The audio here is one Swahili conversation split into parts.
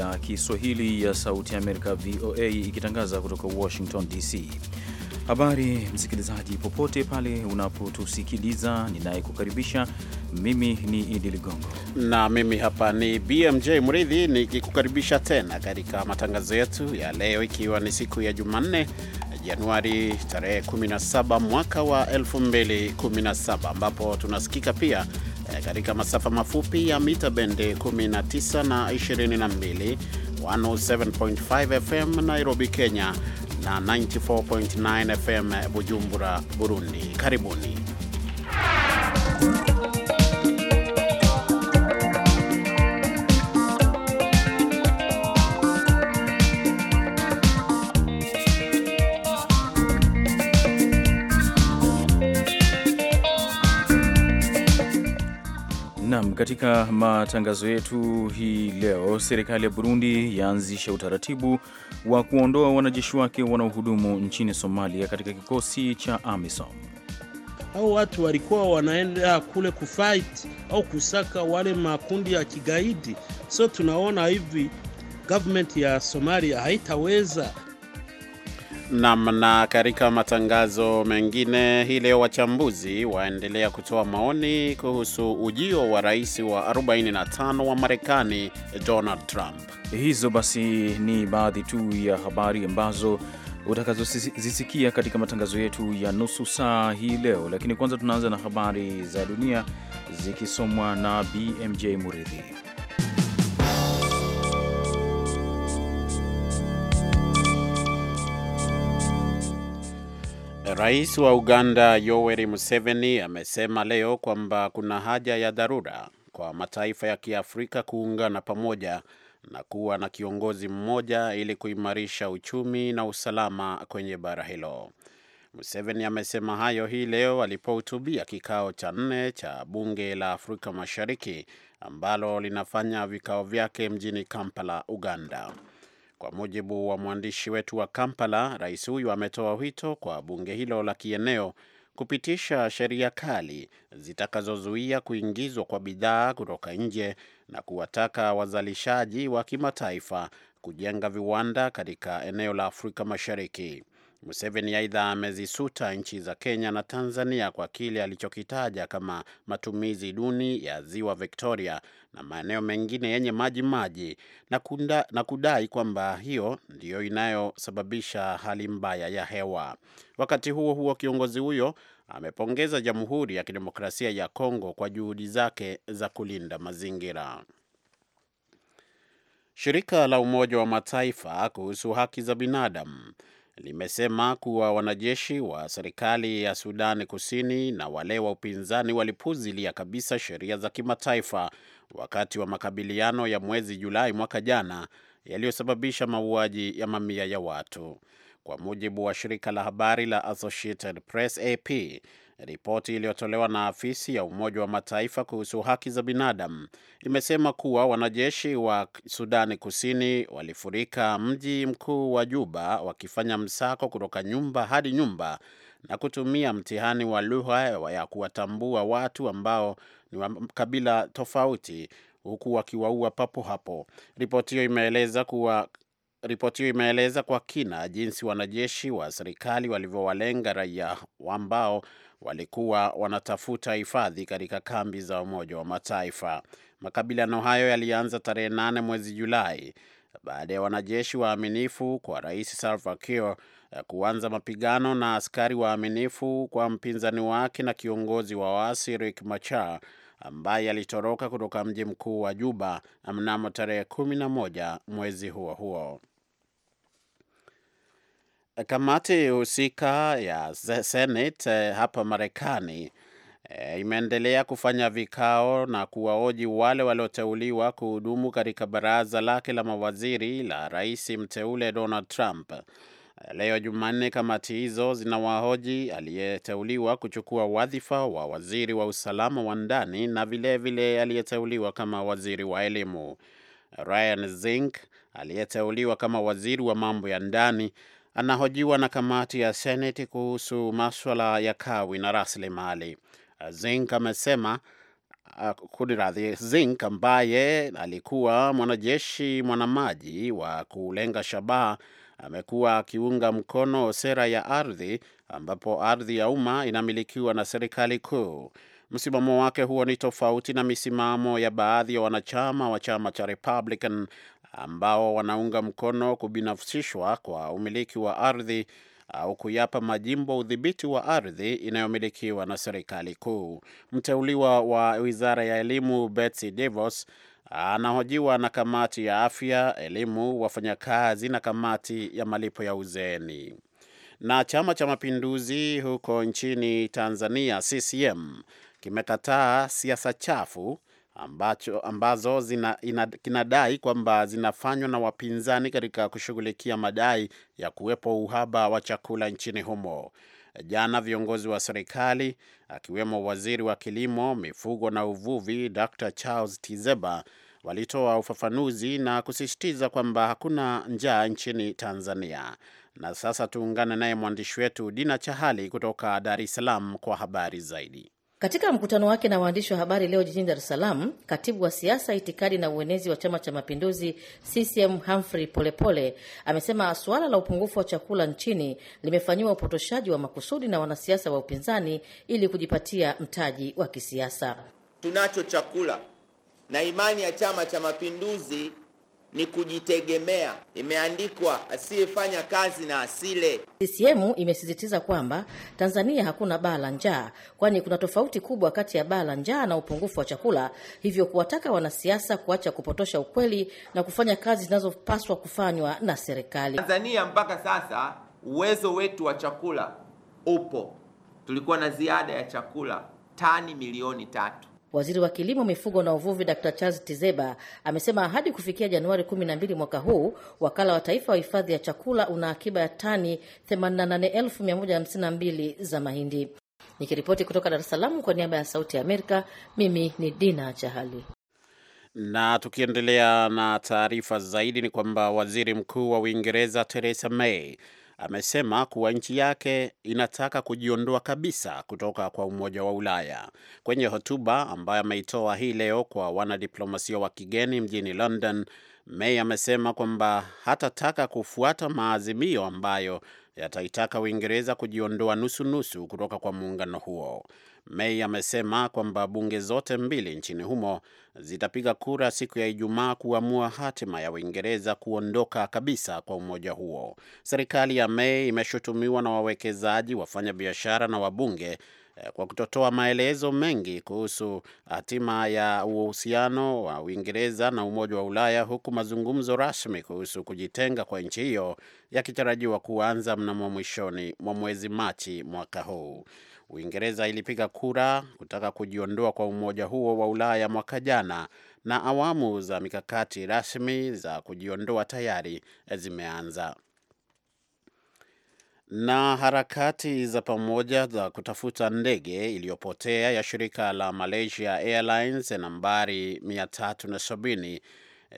ya Kiswahili ya Sauti ya Amerika, VOA, ikitangaza kutoka Washington DC. Habari msikilizaji, popote pale unapotusikiliza, ninayekukaribisha mimi ni Idi Ligongo na mimi hapa ni BMJ Mridhi nikikukaribisha tena katika matangazo yetu ya leo, ikiwa ni siku ya Jumanne, Januari tarehe 17 mwaka wa 2017 ambapo tunasikika pia Eh, katika masafa mafupi ya mita bende 19 na 22, 107.5 FM Nairobi, Kenya na 94.9 FM Bujumbura, Burundi. Karibuni. Katika matangazo yetu hii leo, serikali ya Burundi yaanzisha utaratibu wa kuondoa wanajeshi wake wanaohudumu nchini Somalia katika kikosi cha AMISOM. Hao watu walikuwa wanaenda kule kufight au kusaka wale makundi ya kigaidi, so tunaona hivi government ya Somalia haitaweza Nam. Na katika matangazo mengine hii leo, wachambuzi waendelea kutoa maoni kuhusu ujio wa rais wa 45 wa Marekani Donald Trump. Hizo basi ni baadhi tu ya habari ambazo utakazozisikia katika matangazo yetu ya nusu saa hii leo, lakini kwanza tunaanza na habari za dunia zikisomwa na BMJ Muridhi. Rais wa Uganda Yoweri Museveni amesema leo kwamba kuna haja ya dharura kwa mataifa ya Kiafrika kuungana pamoja na kuwa na kiongozi mmoja ili kuimarisha uchumi na usalama kwenye bara hilo. Museveni amesema hayo hii leo alipohutubia kikao cha nne cha bunge la Afrika Mashariki ambalo linafanya vikao vyake mjini Kampala, Uganda. Kwa mujibu wa mwandishi wetu wa Kampala, rais huyu ametoa wito kwa bunge hilo la kieneo kupitisha sheria kali zitakazozuia kuingizwa kwa bidhaa kutoka nje na kuwataka wazalishaji wa kimataifa kujenga viwanda katika eneo la Afrika Mashariki. Museveni aidha amezisuta nchi za Kenya na Tanzania kwa kile alichokitaja kama matumizi duni ya ziwa Victoria na maeneo mengine yenye maji maji na, kunda, na kudai kwamba hiyo ndiyo inayosababisha hali mbaya ya hewa. Wakati huo huo, kiongozi huyo amepongeza Jamhuri ya Kidemokrasia ya Kongo kwa juhudi zake za kulinda mazingira. Shirika la Umoja wa Mataifa kuhusu haki za binadamu limesema kuwa wanajeshi wa serikali ya Sudani Kusini na wale wa upinzani walipuzilia kabisa sheria za kimataifa wakati wa makabiliano ya mwezi Julai mwaka jana yaliyosababisha mauaji ya mamia ya watu. Kwa mujibu wa shirika la habari la Associated Press AP, Ripoti iliyotolewa na afisi ya Umoja wa Mataifa kuhusu haki za binadamu imesema kuwa wanajeshi wa Sudani Kusini walifurika mji mkuu wa Juba wakifanya msako kutoka nyumba hadi nyumba na kutumia mtihani wa lugha ya kuwatambua watu ambao ni wa kabila tofauti huku wakiwaua papo hapo. Ripoti hiyo imeeleza kuwa Ripoti hiyo imeeleza kwa kina jinsi wanajeshi wa serikali walivyowalenga raia ambao walikuwa wanatafuta hifadhi katika kambi za Umoja wa Mataifa. Makabiliano hayo yalianza tarehe nane mwezi Julai baada ya wanajeshi waaminifu kwa Rais Salva Kiir eh, kuanza mapigano na askari waaminifu kwa mpinzani wake na kiongozi wa waasi Riek Machar ambaye alitoroka kutoka mji mkuu wa Juba mnamo tarehe 11 mwezi huo huo. Kamati husika ya Senate eh, hapa Marekani e, imeendelea kufanya vikao na kuwaoji wale walioteuliwa kuhudumu katika baraza lake la mawaziri la rais mteule Donald Trump. Eh, leo Jumanne, kamati hizo zinawahoji aliyeteuliwa kuchukua wadhifa wa waziri wa usalama wa ndani na vilevile aliyeteuliwa kama waziri wa elimu. Ryan Zink aliyeteuliwa kama waziri wa mambo ya ndani anahojiwa na kamati ya Seneti kuhusu maswala ya kawi na rasilimali. Zink amesema kuniradhi, Zink ambaye alikuwa mwanajeshi mwanamaji wa kulenga shabaha amekuwa akiunga mkono sera ya ardhi ambapo ardhi ya umma inamilikiwa na serikali kuu. Msimamo wake huo ni tofauti na misimamo ya baadhi ya wanachama wa chama cha Republican ambao wanaunga mkono kubinafsishwa kwa umiliki wa ardhi au kuyapa majimbo udhibiti wa ardhi inayomilikiwa na serikali kuu. Mteuliwa wa wizara ya elimu Betsy DeVos anahojiwa na kamati ya afya, elimu, wafanyakazi na kamati ya malipo ya uzeeni. Na Chama cha Mapinduzi huko nchini Tanzania, CCM, kimekataa siasa chafu ambacho, ambazo zina, ina, kinadai kwamba zinafanywa na wapinzani katika kushughulikia madai ya kuwepo uhaba wa chakula nchini humo. Jana viongozi wa serikali akiwemo waziri wa kilimo, mifugo na uvuvi Dr. Charles Tizeba walitoa ufafanuzi na kusisitiza kwamba hakuna njaa nchini Tanzania. Na sasa tuungane naye mwandishi wetu Dina Chahali kutoka Dar es Salaam kwa habari zaidi. Katika mkutano wake na waandishi wa habari leo jijini Dar es Salaam, katibu wa siasa, itikadi na uenezi wa Chama cha Mapinduzi CCM Humphrey Polepole amesema suala la upungufu wa chakula nchini limefanyiwa upotoshaji wa makusudi na wanasiasa wa upinzani ili kujipatia mtaji wa kisiasa. Tunacho chakula na imani ya Chama cha Mapinduzi ni kujitegemea. Imeandikwa asiyefanya kazi na asile. CCM imesisitiza kwamba Tanzania hakuna baa la njaa, kwani kuna tofauti kubwa kati ya baa la njaa na upungufu wa chakula, hivyo kuwataka wanasiasa kuacha kupotosha ukweli na kufanya kazi zinazopaswa kufanywa na serikali. Tanzania mpaka sasa uwezo wetu wa chakula upo, tulikuwa na ziada ya chakula tani milioni tatu Waziri wa Kilimo, Mifugo na Uvuvi Dr Charles Tizeba amesema hadi kufikia Januari 12 mwaka huu wakala wa taifa wa hifadhi ya chakula una akiba ya tani 88,152 za mahindi. Nikiripoti kutoka Dar es Salaam kwa niaba ya Sauti ya Amerika, mimi ni Dina Chahali. Na tukiendelea na taarifa zaidi, ni kwamba waziri mkuu wa Uingereza Theresa May amesema kuwa nchi yake inataka kujiondoa kabisa kutoka kwa Umoja wa Ulaya. Kwenye hotuba ambayo ameitoa hii leo kwa wanadiplomasia wa kigeni mjini London, May amesema kwamba hatataka kufuata maazimio ambayo yataitaka Uingereza kujiondoa nusu-nusu kutoka kwa muungano huo. May amesema kwamba bunge zote mbili nchini humo zitapiga kura siku ya Ijumaa kuamua hatima ya Uingereza kuondoka kabisa kwa umoja huo. Serikali ya May imeshutumiwa na wawekezaji, wafanya biashara na wabunge kwa kutotoa maelezo mengi kuhusu hatima ya uhusiano wa Uingereza na Umoja wa Ulaya, huku mazungumzo rasmi kuhusu kujitenga kwa nchi hiyo yakitarajiwa kuanza mnamo mwishoni mwa mwezi Machi mwaka huu. Uingereza ilipiga kura kutaka kujiondoa kwa umoja huo wa Ulaya mwaka jana, na awamu za mikakati rasmi za kujiondoa tayari zimeanza. Na harakati za pamoja za kutafuta ndege iliyopotea ya shirika la Malaysia Airlines nambari 370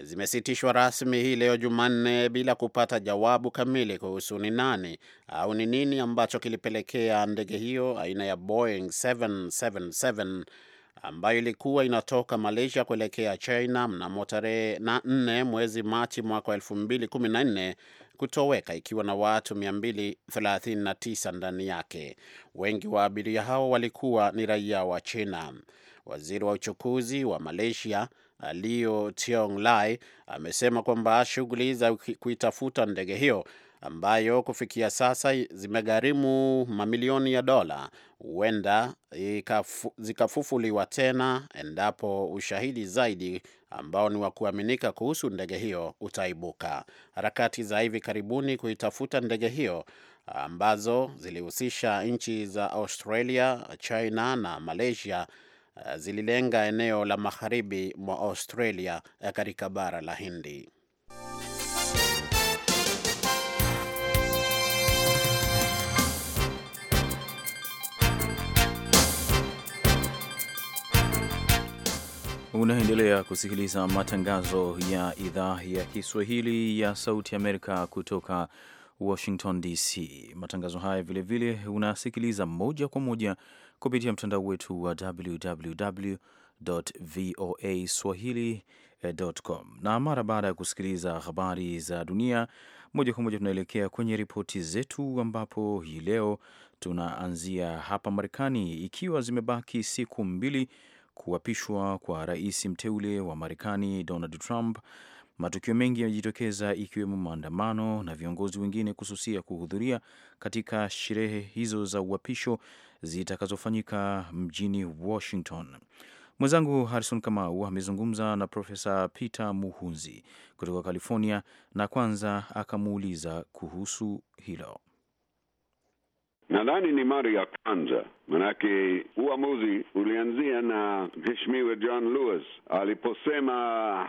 zimesitishwa rasmi hii leo Jumanne bila kupata jawabu kamili kuhusu ni nani au ni nini ambacho kilipelekea ndege hiyo aina ya Boeing 777 ambayo ilikuwa inatoka Malaysia kuelekea China mnamo tarehe na nne mwezi Machi mwaka wa kutoweka ikiwa na watu 239 ndani yake. Wengi wa abiria hao walikuwa ni raia wa China. Waziri wa uchukuzi wa Malaysia alio Tiong Lai amesema kwamba shughuli za kuitafuta ndege hiyo ambayo kufikia sasa zimegharimu mamilioni ya dola, huenda zikafufuliwa tena endapo ushahidi zaidi ambao ni wa kuaminika kuhusu ndege hiyo utaibuka. Harakati za hivi karibuni kuitafuta ndege hiyo ambazo zilihusisha nchi za Australia, China na Malaysia eh, zililenga eneo la magharibi mwa Australia eh, katika bara la Hindi. Unaendelea kusikiliza matangazo ya idhaa ya Kiswahili ya Sauti Amerika kutoka Washington DC. Matangazo haya vilevile unasikiliza moja kwa moja kupitia mtandao wetu wa www voa swahili.com, na mara baada ya kusikiliza habari za dunia moja kwa moja tunaelekea kwenye ripoti zetu, ambapo hii leo tunaanzia hapa Marekani, ikiwa zimebaki siku mbili kuapishwa kwa rais mteule wa Marekani Donald Trump, matukio mengi yamejitokeza ikiwemo maandamano na viongozi wengine kususia kuhudhuria katika sherehe hizo za uapisho zitakazofanyika mjini Washington. Mwenzangu Harrison Kamau amezungumza na Profesa Peter Muhunzi kutoka California na kwanza akamuuliza kuhusu hilo. Nadhani ni mara ya kwanza, manake uamuzi ulianzia na mheshimiwa John Lewis aliposema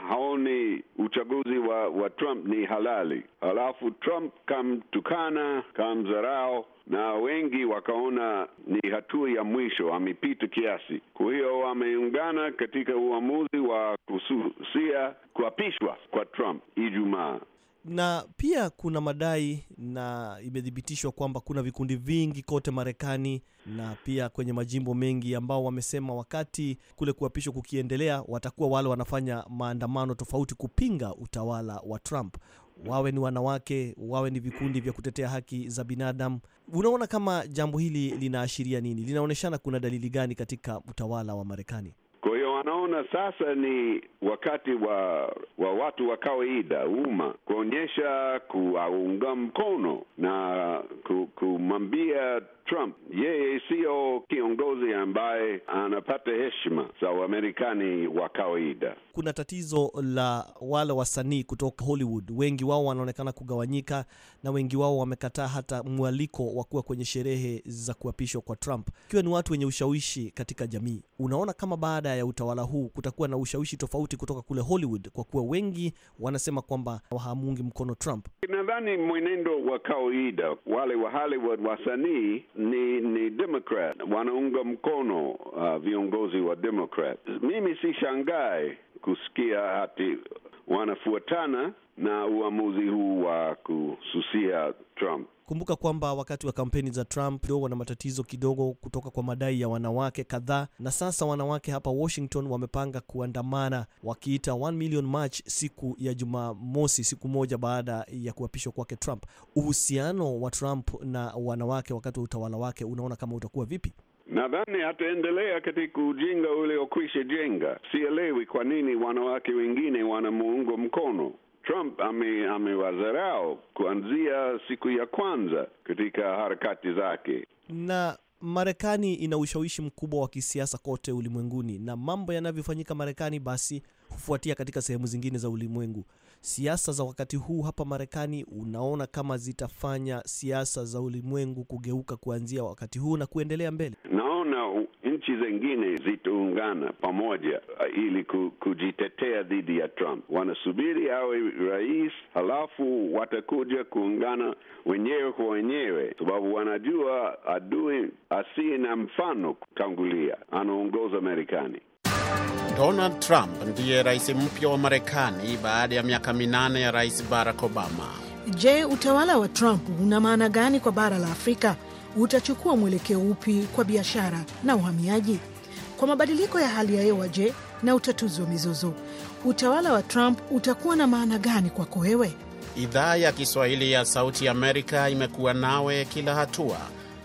haoni uchaguzi wa, wa Trump ni halali, alafu Trump kamtukana, kamdharau na wengi wakaona ni hatua ya mwisho, amepita kiasi. Kwa hiyo wameungana katika uamuzi wa kususia kuapishwa kwa Trump Ijumaa na pia kuna madai na imethibitishwa kwamba kuna vikundi vingi kote Marekani na pia kwenye majimbo mengi, ambao wamesema wakati kule kuapishwa kukiendelea, watakuwa wale wanafanya maandamano tofauti kupinga utawala wa Trump, wawe ni wanawake, wawe ni vikundi vya kutetea haki za binadamu. Unaona kama jambo hili linaashiria nini? Linaonyeshana kuna dalili gani katika utawala wa Marekani? wanaona sasa ni wakati wa wa watu wa kawaida, umma kuonyesha kuaunga mkono na kumwambia Trump yeye siyo kiongozi ambaye anapata heshima za Wamarekani wa kawaida. Kuna tatizo la wale wasanii kutoka Hollywood, wengi wao wanaonekana kugawanyika na wengi wao wamekataa hata mwaliko wa kuwa kwenye sherehe za kuapishwa kwa Trump, ikiwa ni watu wenye ushawishi katika jamii. Unaona kama baada ya utawala huu kutakuwa na ushawishi tofauti kutoka kule Hollywood, kwa kuwa wengi wanasema kwamba hawamungi mkono Trump na nadhani mwenendo wa kawaida wale wa Hollywood wasanii ni ni Democrat, wanaunga mkono uh, viongozi wa Democrat. Mimi si shangai kusikia ati wanafuatana na uamuzi huu wa kususia Trump. Kumbuka kwamba wakati wa kampeni za Trump ndio wana matatizo kidogo kutoka kwa madai ya wanawake kadhaa, na sasa wanawake hapa Washington wamepanga kuandamana wakiita One Million March siku ya Jumamosi, siku moja baada ya kuapishwa kwake Trump. Uhusiano wa Trump na wanawake wakati wa utawala wake, unaona kama utakuwa vipi? Nadhani ataendelea katika ujinga ule jenga. Sielewi kwa nini wanawake wengine wanamuunga mkono. Trump amewazarau kuanzia siku ya kwanza katika harakati zake na Marekani ina ushawishi mkubwa wa kisiasa kote ulimwenguni, na mambo yanavyofanyika Marekani basi hufuatia katika sehemu zingine za ulimwengu. Siasa za wakati huu hapa Marekani, unaona kama zitafanya siasa za ulimwengu kugeuka kuanzia wakati huu na kuendelea mbele? Naona nchi zingine zitaungana pamoja uh, ili kujitetea dhidi ya Trump. Wanasubiri awe rais, halafu watakuja kuungana wenyewe kwa wenyewe, sababu wanajua adui asiye na mfano kutangulia anaongoza Marekani. Donald Trump ndiye rais mpya wa Marekani baada ya miaka minane ya rais Barack Obama. Je, utawala wa Trump una maana gani kwa bara la Afrika? utachukua mwelekeo upi kwa biashara na uhamiaji? Kwa mabadiliko ya hali ya hewa, je, na utatuzi wa mizozo, utawala wa Trump utakuwa na maana gani kwako wewe? Idhaa ya Kiswahili ya Sauti Amerika imekuwa nawe kila hatua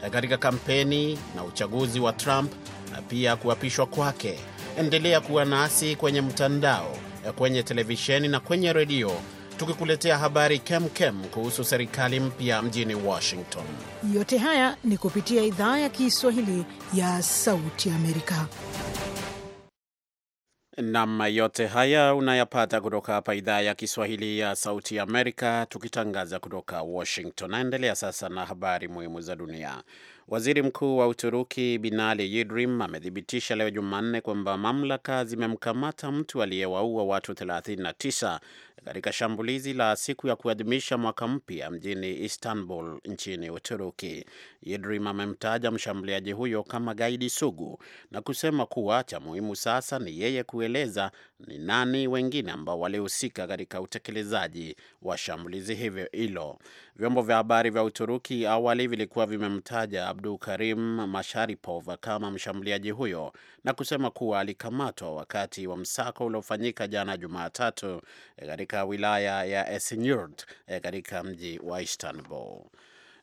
eh, katika kampeni na uchaguzi wa Trump na eh, pia kuapishwa kwake. Endelea kuwa nasi kwenye mtandao, eh, kwenye televisheni na kwenye redio tukikuletea habari kemkem kem kuhusu serikali mpya mjini Washington. Yote haya ni kupitia idhaa ya Kiswahili ya Sauti Amerika. Nam, yote haya unayapata kutoka hapa idhaa ya Kiswahili ya Sauti Amerika, tukitangaza kutoka Washington. Naendelea sasa na habari muhimu za dunia. Waziri Mkuu wa Uturuki Binali Yildirim amethibitisha leo Jumanne kwamba mamlaka zimemkamata mtu aliyewaua watu 39 katika shambulizi la siku ya kuadhimisha mwaka mpya mjini Istanbul nchini Uturuki. Yildirim amemtaja mshambuliaji huyo kama gaidi sugu na kusema kuwa cha muhimu sasa ni yeye kueleza ni nani wengine ambao walihusika katika utekelezaji wa shambulizi hilo. Vyombo vya habari vya Uturuki awali vilikuwa vimemtaja Abdul Karim Masharipov kama mshambuliaji huyo na kusema kuwa alikamatwa wakati wa msako uliofanyika jana Jumatatu eh, katika wilaya ya Esinyurt eh, katika mji wa Istanbul.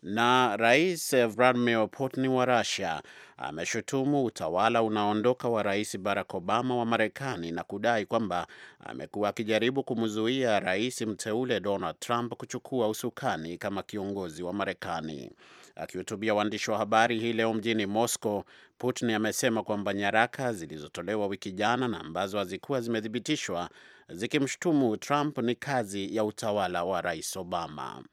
Na Rais eh, Vladimir Putin wa Russia ameshutumu utawala unaoondoka wa Rais Barack Obama wa Marekani na kudai kwamba amekuwa akijaribu kumzuia rais mteule Donald Trump kuchukua usukani kama kiongozi wa Marekani. Akihutubia waandishi wa habari hii leo mjini Moscow, Putin amesema kwamba nyaraka zilizotolewa wiki jana na ambazo hazikuwa zimethibitishwa zikimshutumu Trump ni kazi ya utawala wa Rais Obama.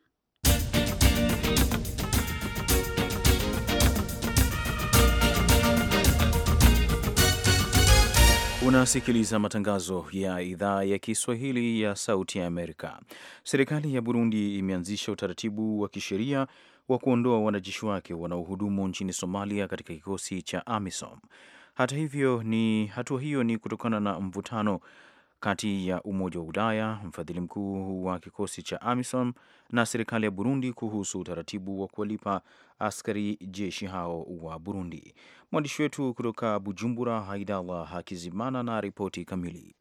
Unasikiliza matangazo ya idhaa ya Kiswahili ya Sauti ya Amerika. Serikali ya Burundi imeanzisha utaratibu wa kisheria wa kuondoa wanajeshi wake wanaohudumu nchini Somalia katika kikosi cha AMISOM. Hata hivyo, ni hatua hiyo ni kutokana na mvutano kati ya Umoja wa Ulaya, mfadhili mkuu wa kikosi cha AMISOM, na serikali ya Burundi kuhusu utaratibu wa kuwalipa askari jeshi hao wa Burundi. Mwandishi wetu kutoka Bujumbura, Haidallah Hakizimana, na ripoti kamili.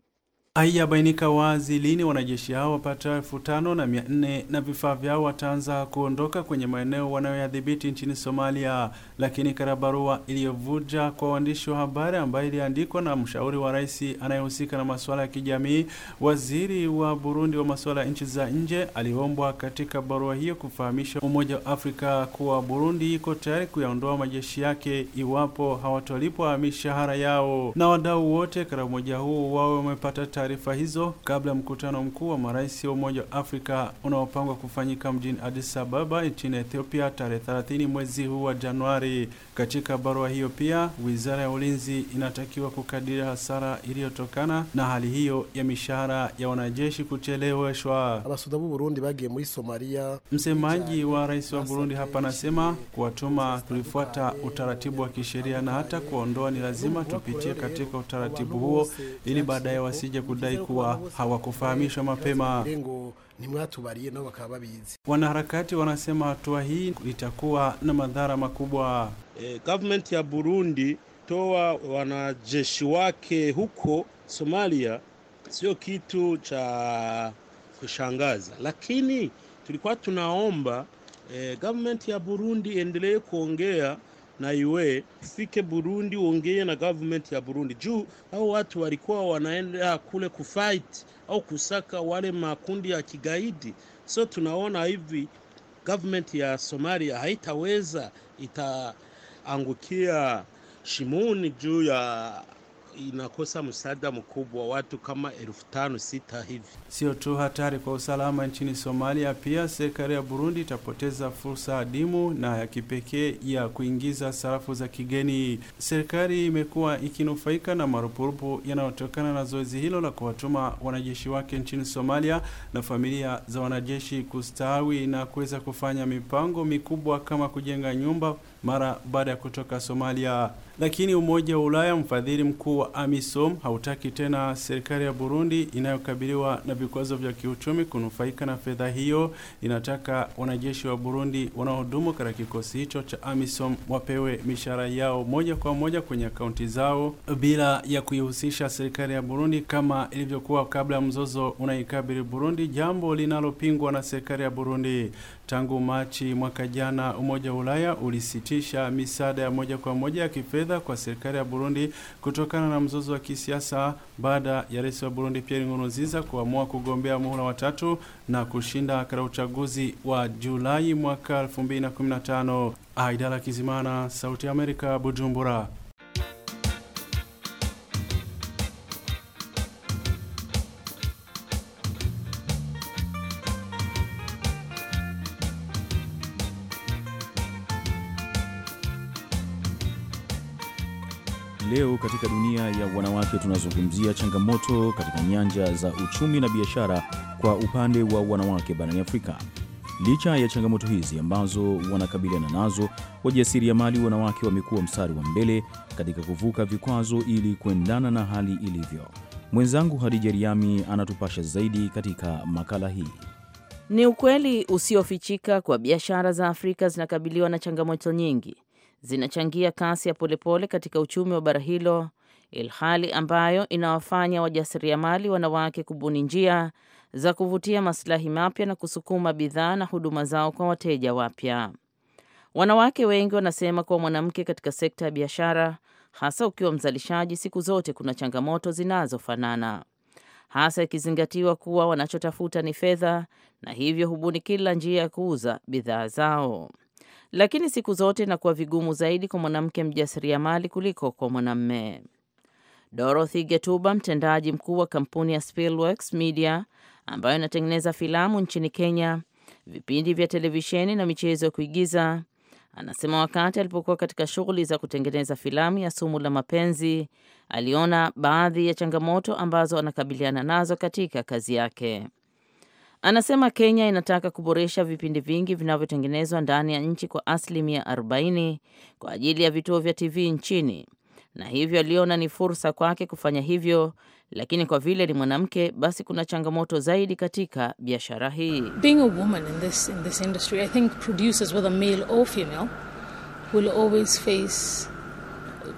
Haijabainika wazi lini wanajeshi hao wapata elfu tano na mia nne na vifaa vyao wataanza kuondoka kwenye maeneo wanayoyadhibiti nchini Somalia. Lakini karabarua iliyovuja kwa waandishi wa habari ambayo iliandikwa na mshauri wa rais anayehusika na masuala ya kijamii, waziri wa Burundi wa masuala ya nchi za nje, aliombwa katika barua hiyo kufahamisha Umoja wa Afrika kuwa Burundi iko tayari kuyaondoa majeshi yake iwapo hawatolipwa mishahara yao na wadau wote. Karamoja huo wao wamepata taarifa hizo kabla ya mkutano mkuu wa marais wa Umoja wa Afrika unaopangwa kufanyika mjini Addis Ababa nchini Ethiopia tarehe 30 mwezi huu wa Januari. Katika barua hiyo pia, wizara ya ulinzi inatakiwa kukadiria hasara iliyotokana na hali hiyo ya mishahara ya wanajeshi kucheleweshwa. Msemaji wa rais wa Burundi hapa anasema kuwatuma tulifuata utaratibu wa kisheria na hata kuondoa ni lazima tupitie katika utaratibu huo ili baadaye wasije kudai kuwa hawakufahamishwa eh, mapema. Wanaharakati wanasema hatua hii itakuwa na madhara makubwa. E, government ya Burundi toa wanajeshi wake huko Somalia sio kitu cha kushangaza, lakini tulikuwa tunaomba e, government ya Burundi iendelee kuongea na iwe ufike Burundi uongee na government ya Burundi juu au watu walikuwa wanaenda kule kufight au kusaka wale makundi ya kigaidi. So tunaona hivi government ya Somalia haitaweza, itaangukia shimoni juu ya inakosa msaada mkubwa, watu kama elfu tano sita hivi. Sio tu hatari kwa usalama nchini Somalia, pia serikali ya Burundi itapoteza fursa adimu na ya kipekee ya kuingiza sarafu za kigeni. Serikali imekuwa ikinufaika na marupurupu yanayotokana na zoezi hilo la kuwatuma wanajeshi wake nchini Somalia na familia za wanajeshi kustawi na kuweza kufanya mipango mikubwa kama kujenga nyumba mara baada ya kutoka Somalia. Lakini Umoja wa Ulaya, mfadhili mkuu wa AMISOM, hautaki tena serikali ya Burundi inayokabiliwa na vikwazo vya kiuchumi kunufaika na fedha hiyo. Inataka wanajeshi wa Burundi wanaohudumu katika kikosi hicho cha AMISOM wapewe mishahara yao moja kwa moja kwenye akaunti zao bila ya kuihusisha serikali ya Burundi kama ilivyokuwa kabla ya mzozo unaikabili Burundi, jambo linalopingwa na serikali ya Burundi. Tangu Machi mwaka jana, Umoja wa Ulaya ulisiti kusitisha misaada ya moja kwa moja ya kifedha kwa serikali ya Burundi kutokana na mzozo wa kisiasa baada ya rais wa Burundi Pierre Nkurunziza kuamua kugombea muhula watatu na kushinda katika uchaguzi wa Julai mwaka 2015. Aidala Kizimana, Sauti ya Amerika, Bujumbura. leo katika dunia ya wanawake tunazungumzia changamoto katika nyanja za uchumi na biashara kwa upande wa wanawake barani Afrika. Licha ya changamoto hizi ambazo wanakabiliana nazo, wajasiriamali wanawake wamekuwa mstari wa mbele katika kuvuka vikwazo ili kuendana na hali ilivyo. Mwenzangu Hadija Riami anatupasha zaidi katika makala hii. Ni ukweli usiofichika kwa biashara za Afrika zinakabiliwa na changamoto nyingi zinachangia kasi ya polepole katika uchumi wa bara hilo, ilhali ambayo inawafanya wajasiriamali wanawake kubuni njia za kuvutia masilahi mapya na kusukuma bidhaa na huduma zao kwa wateja wapya. Wanawake wengi wanasema kuwa mwanamke katika sekta ya biashara, hasa ukiwa mzalishaji, siku zote kuna changamoto zinazofanana, hasa ikizingatiwa kuwa wanachotafuta ni fedha, na hivyo hubuni kila njia ya kuuza bidhaa zao lakini siku zote inakuwa vigumu zaidi kwa mwanamke mjasiriamali kuliko kwa mwanamme. Dorothy Getuba, mtendaji mkuu wa kampuni ya Spielworks Media ambayo inatengeneza filamu nchini Kenya, vipindi vya televisheni na michezo ya kuigiza, anasema wakati alipokuwa katika shughuli za kutengeneza filamu ya Sumu la Mapenzi, aliona baadhi ya changamoto ambazo anakabiliana nazo katika kazi yake. Anasema Kenya inataka kuboresha vipindi vingi vinavyotengenezwa ndani ya nchi kwa asilimia 40 kwa ajili ya vituo vya TV nchini, na hivyo aliona ni fursa kwake kufanya hivyo, lakini kwa vile ni mwanamke, basi kuna changamoto zaidi katika biashara hii.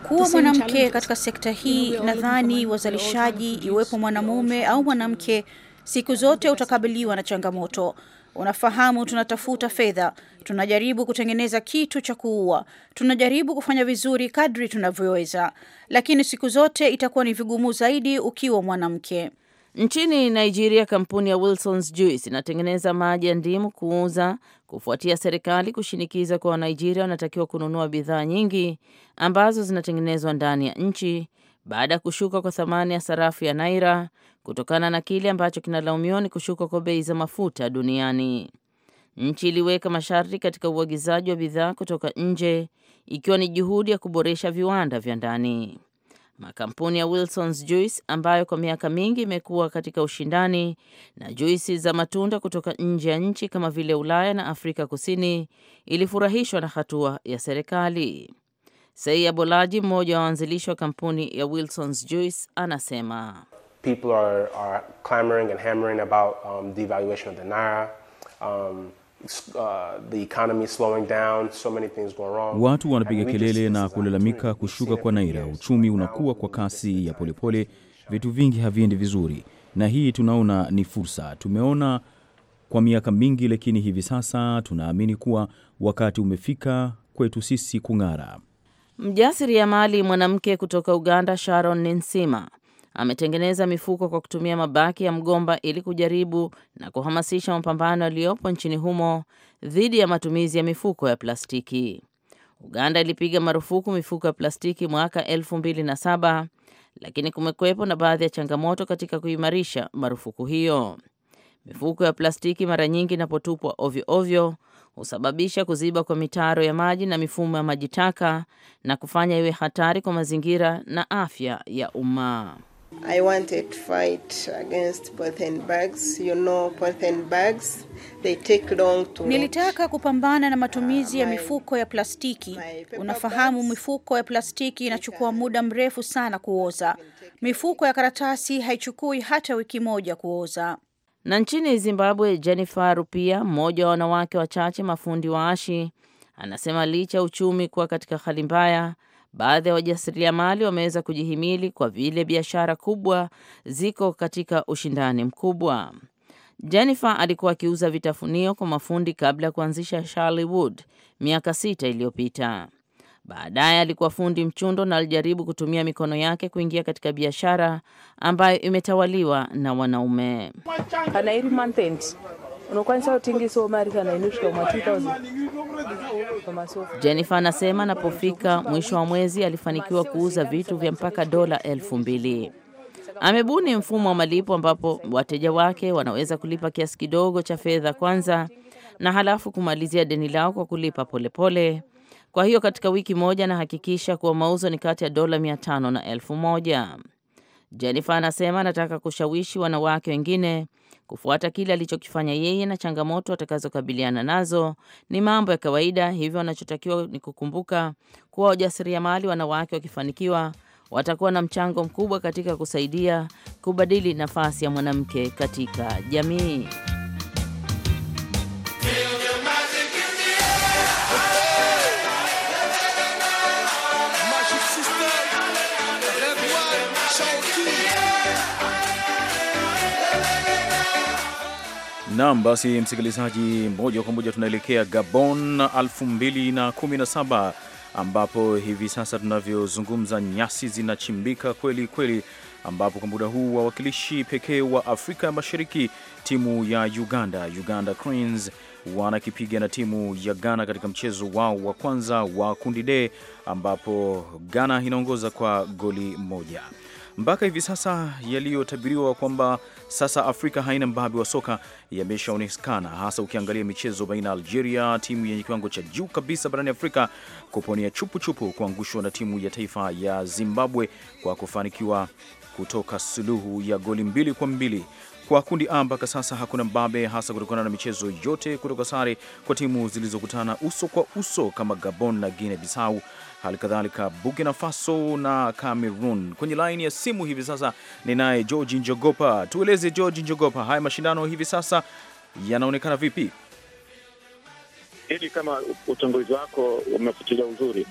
kuwa mwanamke katika sekta hii, nadhani wazalishaji, iwepo mwanamume au mwanamke, Siku zote utakabiliwa na changamoto. Unafahamu, tunatafuta fedha, tunajaribu kutengeneza kitu cha kuua, tunajaribu kufanya vizuri kadri tunavyoweza, lakini siku zote itakuwa ni vigumu zaidi ukiwa mwanamke. Nchini Nigeria, kampuni ya Wilsons Juice inatengeneza maji ya ndimu kuuza, kufuatia serikali kushinikiza kwa Wanigeria wanatakiwa kununua bidhaa nyingi ambazo zinatengenezwa ndani ya nchi baada ya kushuka kwa thamani ya sarafu ya naira kutokana na kile ambacho kinalaumiwa ni kushuka kwa bei za mafuta duniani. Nchi iliweka masharti katika uagizaji wa bidhaa kutoka nje ikiwa ni juhudi ya kuboresha viwanda vya ndani. Makampuni ya Wilson's Juice ambayo kwa miaka mingi imekuwa katika ushindani na juisi za matunda kutoka nje ya nchi kama vile Ulaya na Afrika Kusini ilifurahishwa na hatua ya serikali. Sei Abolaji, mmoja wa waanzilishi wa kampuni ya Wilson's Juice, anasema people are, are clamoring and hammering about um, devaluation of the naira, um, uh, the economy slowing down, so many things going wrong. Watu wanapiga kelele na kulalamika kushuka kwa naira, uchumi unakuwa kwa kasi ya polepole, vitu vingi haviendi vizuri, na hii tunaona ni fursa. Tumeona kwa miaka mingi, lakini hivi sasa tunaamini kuwa wakati umefika kwetu sisi kung'ara. Mjasiriamali mwanamke kutoka Uganda Sharon Ninsima, ametengeneza mifuko kwa kutumia mabaki ya mgomba ili kujaribu na kuhamasisha mapambano yaliyopo nchini humo dhidi ya matumizi ya mifuko ya plastiki. Uganda ilipiga marufuku mifuko ya plastiki mwaka elfu mbili na saba lakini kumekwepo na baadhi ya changamoto katika kuimarisha marufuku hiyo. Mifuko ya plastiki mara nyingi inapotupwa ovyo ovyo husababisha kuziba kwa mitaro ya maji na mifumo ya maji taka na kufanya iwe hatari kwa mazingira na afya ya umma. I wanted to fight against Bags. You know, Bags, they take long to nilitaka kupambana na uh, matumizi ya mifuko ya plastiki. Unafahamu, mifuko ya plastiki inachukua muda mrefu sana kuoza. Mifuko ya karatasi haichukui hata wiki moja kuoza. Na nchini Zimbabwe, Jennifer Rupia, mmoja wa wanawake wachache mafundi waashi, anasema licha ya uchumi kuwa katika hali mbaya Baadhi ya wajasiriamali wameweza kujihimili kwa vile biashara kubwa ziko katika ushindani mkubwa. Jennifer alikuwa akiuza vitafunio kwa mafundi kabla ya kuanzisha Charlie Wood miaka sita iliyopita. Baadaye alikuwa fundi mchundo na alijaribu kutumia mikono yake kuingia katika biashara ambayo imetawaliwa na wanaume so utingiso marikana inushika mwa 2000 Jennifer anasema anapofika mwisho wa mwezi alifanikiwa kuuza vitu vya mpaka dola elfu mbili. Amebuni mfumo wa malipo ambapo wateja wake wanaweza kulipa kiasi kidogo cha fedha kwanza na halafu kumalizia deni lao kwa kulipa polepole pole. Kwa hiyo katika wiki moja anahakikisha kuwa mauzo ni kati ya dola mia tano na elfu moja jennifer anasema anataka kushawishi wanawake wengine kufuata kile alichokifanya yeye, na changamoto atakazokabiliana nazo ni mambo ya kawaida. Hivyo wanachotakiwa ni kukumbuka kuwa wajasiriamali wanawake wakifanikiwa watakuwa na mchango mkubwa katika kusaidia kubadili nafasi ya mwanamke katika jamii. Naam, basi msikilizaji, moja kwa moja tunaelekea Gabon 2017 ambapo hivi sasa tunavyozungumza nyasi zinachimbika kweli kweli, ambapo kwa muda huu wawakilishi pekee wa Afrika Mashariki, timu ya Uganda, Uganda Cranes wanakipiga na timu ya Ghana katika mchezo wao wa kwanza wa kundi D, ambapo Ghana inaongoza kwa goli moja mpaka hivi sasa yaliyotabiriwa kwamba sasa Afrika haina mbabe wa soka yameshaonekana, hasa ukiangalia michezo baina ya Algeria, timu yenye kiwango cha juu kabisa barani Afrika, kuponea chupuchupu kuangushwa na timu ya taifa ya Zimbabwe kwa kufanikiwa kutoka suluhu ya goli mbili kwa mbili. Kwa kundi A mpaka sasa hakuna mbabe, hasa kutokana na michezo yote kutoka sare kwa timu zilizokutana uso kwa uso kama Gabon na Guinea Bissau hali kadhalika Burkina Faso na Cameroon. Kwenye laini ya simu hivi sasa ninaye George Njogopa. Tueleze George Njogopa, haya mashindano hivi sasa yanaonekana vipi? Hili kama utangulizi wako umefutilia uzuri,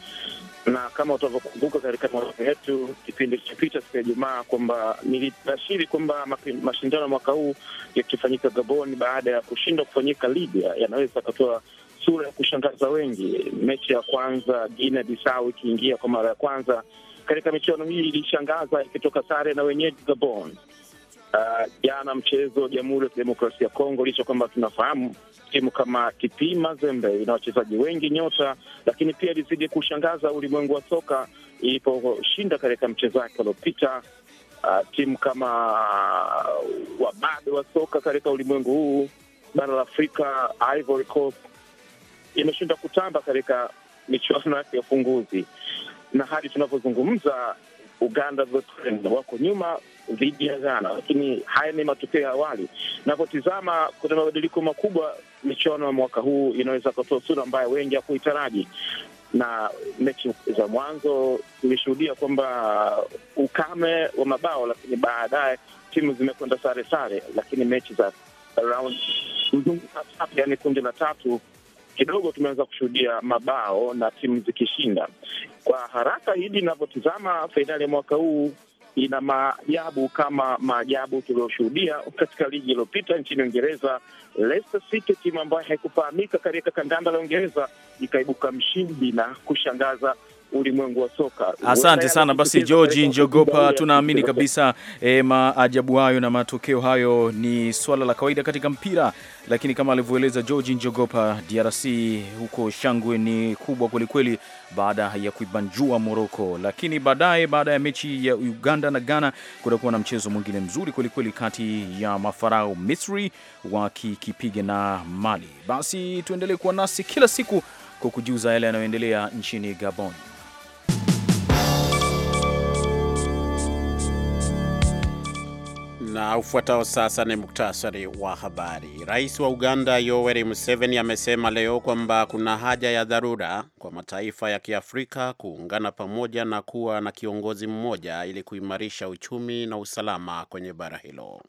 na kama utavyokumbuka katika mawazo yetu kipindi kilichopita siku ya Ijumaa kwamba nilibashiri kwamba mashindano mwaka huu yakifanyika Gabon baada ya kushindwa kufanyika Libya yanaweza akatoa sura ya kushangaza wengi. Mechi ya kwanza Guinea Bissau ikiingia kwa mara ya kwanza katika michuano hii ilishangaza ikitoka sare na wenyeji Gabon. Ah, jana uh, mchezo Jamhuri ya Kidemokrasia ya Kongo, licha kwamba tunafahamu timu kama TP Mazembe ina wachezaji wengi nyota, lakini pia ilizidi kushangaza ulimwengu wa soka iliposhinda katika mchezo wake waliopita. Uh, ah, timu kama uh, wa soka katika ulimwengu huu bara la Afrika, Ivory Coast imeshindwa kutamba katika michuano yake ya ufunguzi, na hadi tunavyozungumza Uganda wako nyuma dhidi ya Ghana, lakini haya ni matokeo ya awali. Navyotizama, kuna mabadiliko makubwa. Michuano ya mwaka huu inaweza kutoa sura ambayo wengi hakuitaraji, na mechi za mwanzo tulishuhudia kwamba ukame wa mabao, lakini baadaye timu zimekwenda sare sare, lakini mechi za round yaani kundi la tatu kidogo tumeanza kushuhudia mabao na timu zikishinda kwa haraka. Hidi inavyotizama fainali ya mwaka huu ina maajabu kama maajabu tuliyoshuhudia katika ligi iliyopita nchini Uingereza. Leicester City, timu ambayo haikufahamika katika kandanda la Uingereza, ikaibuka mshindi na kushangaza ulimwengu wa soka. Asante sana basi, George Njogopa, tunaamini kabisa e, maajabu hayo na matokeo hayo ni swala la kawaida katika mpira, lakini kama alivyoeleza George Njogopa, DRC huko shangwe ni kubwa kwelikweli baada ya kuibanjua Moroko. Lakini baadaye, baada ya mechi ya Uganda na Ghana, kutakuwa na mchezo mwingine mzuri kwelikweli kati ya mafarao Misri wakikipiga na Mali. Basi tuendelee kuwa nasi kila siku kwa kujuza yale yanayoendelea nchini Gabon. Na ufuatao sasa ni muktasari wa habari. Rais wa Uganda Yoweri Museveni amesema leo kwamba kuna haja ya dharura kwa mataifa ya Kiafrika kuungana pamoja na kuwa na kiongozi mmoja ili kuimarisha uchumi na usalama kwenye bara hilo.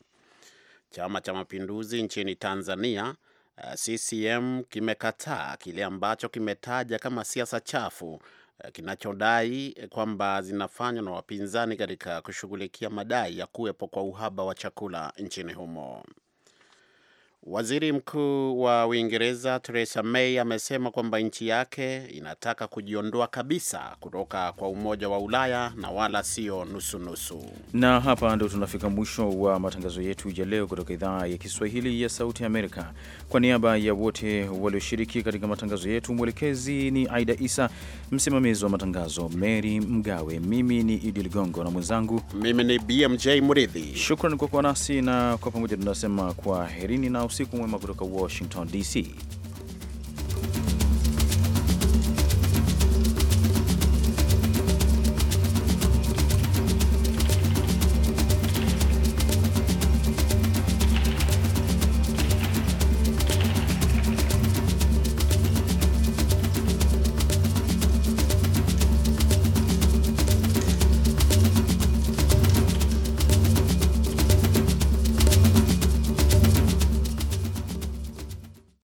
Chama cha Mapinduzi nchini Tanzania eh, CCM kimekataa kile ambacho kimetaja kama siasa chafu kinachodai eh, kwamba zinafanywa na wapinzani katika kushughulikia madai ya kuwepo kwa uhaba wa chakula nchini humo. Waziri Mkuu wa Uingereza Theresa May amesema kwamba nchi yake inataka kujiondoa kabisa kutoka kwa Umoja wa Ulaya na wala sio nusunusu. Na hapa ndo tunafika mwisho wa matangazo yetu ya leo kutoka idhaa ya Kiswahili ya Sauti Amerika. Kwa niaba ya wote walioshiriki katika matangazo yetu, mwelekezi ni Aida Isa, msimamizi wa matangazo Mary Mgawe, mimi ni Idi Ligongo na mwenzangu mimi ni BMJ Mridhi. Shukran kwa kuwa nasi na kwa pamoja tunasema kwa herini na usiku mwema kutoka Washington DC.